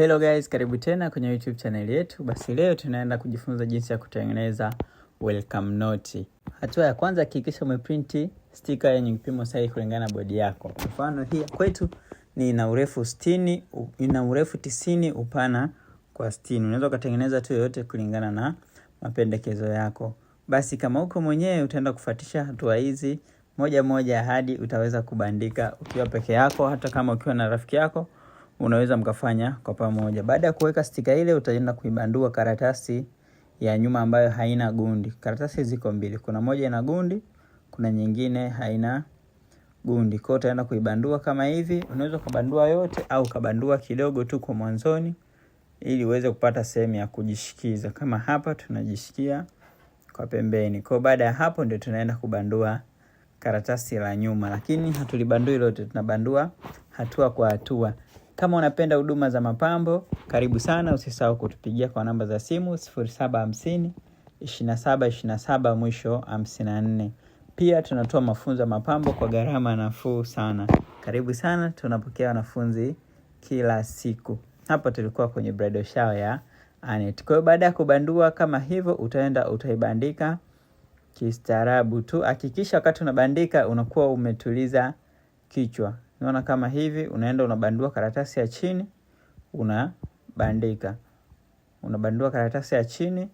Hello guys, karibu tena kwenye YouTube channel yetu. Basi leo tunaenda kujifunza jinsi ya kutengeneza welcome note. Hatua ya kwanza, hakikisha umeprint sticker yenye kipimo sahihi kulingana na bodi yako. Mfano hii kwetu ni ina urefu 60, ina urefu 90, upana kwa 60. Unaweza kutengeneza tu yoyote kulingana na mapendekezo yako. Basi kama uko mwenyewe utaenda kufuatisha hatua hizi moja moja hadi utaweza kubandika ukiwa peke yako, hata kama ukiwa na rafiki yako unaweza mkafanya kwa pamoja. Baada ya kuweka stika ile, utaenda kuibandua karatasi ya nyuma ambayo haina gundi. Karatasi ziko mbili, kuna moja ina gundi, kuna nyingine haina gundi. Kwa utaenda kuibandua kama hivi, unaweza kubandua yote au kabandua kidogo tu kwa mwanzoni, ili uweze kupata sehemu ya kujishikiza. Kama hapa tunajishikia kwa pembeni. Kwa baada ya hapo, ndio tunaenda kubandua karatasi la nyuma, lakini hatulibandui lote, tunabandua hatua kwa hatua. Kama unapenda huduma za mapambo, karibu sana. Usisahau kutupigia kwa namba za simu 0750 2727 mwisho 54. Pia tunatoa mafunzo ya mapambo kwa gharama nafuu sana. Karibu sana, tunapokea wanafunzi kila siku. Hapa tulikuwa kwenye bridal ya Anet. Kwa hiyo baada ya kubandua kama hivyo, utaenda utaibandika kistaarabu tu. Hakikisha wakati unabandika unakuwa umetuliza kichwa. Unaona kama hivi, unaenda unabandua karatasi ya chini, unabandika, unabandua karatasi ya chini,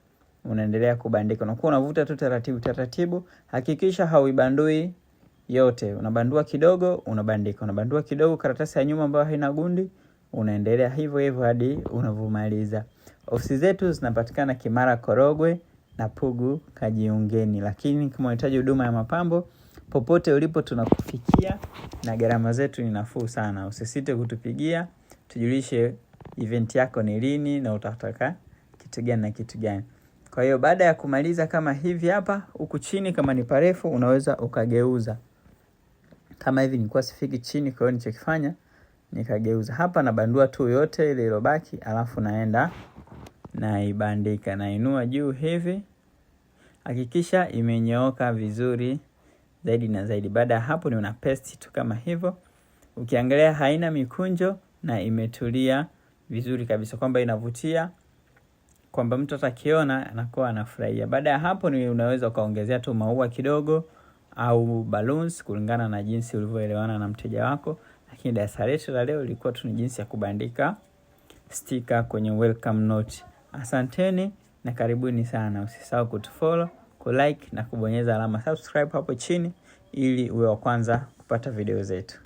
unaendelea kubandika, unakuwa unavuta tu taratibu taratibu. Hakikisha hauibandui yote, unabandua kidogo, unabandika, unabandua kidogo, karatasi ya nyuma ambayo haina gundi, unaendelea hivyo hivyo hadi unavyomaliza. Ofisi zetu zinapatikana Kimara Korogwe na Pugu, kajiungeni. Lakini kama unahitaji huduma ya mapambo Popote ulipo tunakufikia na gharama zetu ni nafuu sana. Usisite kutupigia tujulishe event yako ni lini na utataka kitu gani na kitu gani. Kwa hiyo baada ya kumaliza kama hivi hapa, huku chini kama ni parefu unaweza ukageuza. Kama hivi nilikuwa sifiki chini, kwa hiyo nilichokifanya nikageuza hapa, nabandua tu yote ile ilobaki, alafu naenda naibandika, nainua juu hivi, hakikisha imenyooka vizuri zaidi na zaidi. Baada ya hapo ni una paste tu kama hivyo. Ukiangalia haina mikunjo na imetulia vizuri kabisa, kwamba inavutia, kwamba mtu atakiona anakuwa anafurahia. Baada ya hapo ni unaweza ukaongezea tu maua kidogo au balloons kulingana na jinsi ulivyoelewana na mteja wako. Lakini darasa letu la leo ilikuwa tu ni jinsi ya kubandika sticker kwenye welcome note. Asanteni na karibuni sana, usisahau kutufollow kulike na kubonyeza alama subscribe hapo chini ili uwe wa kwanza kupata video zetu.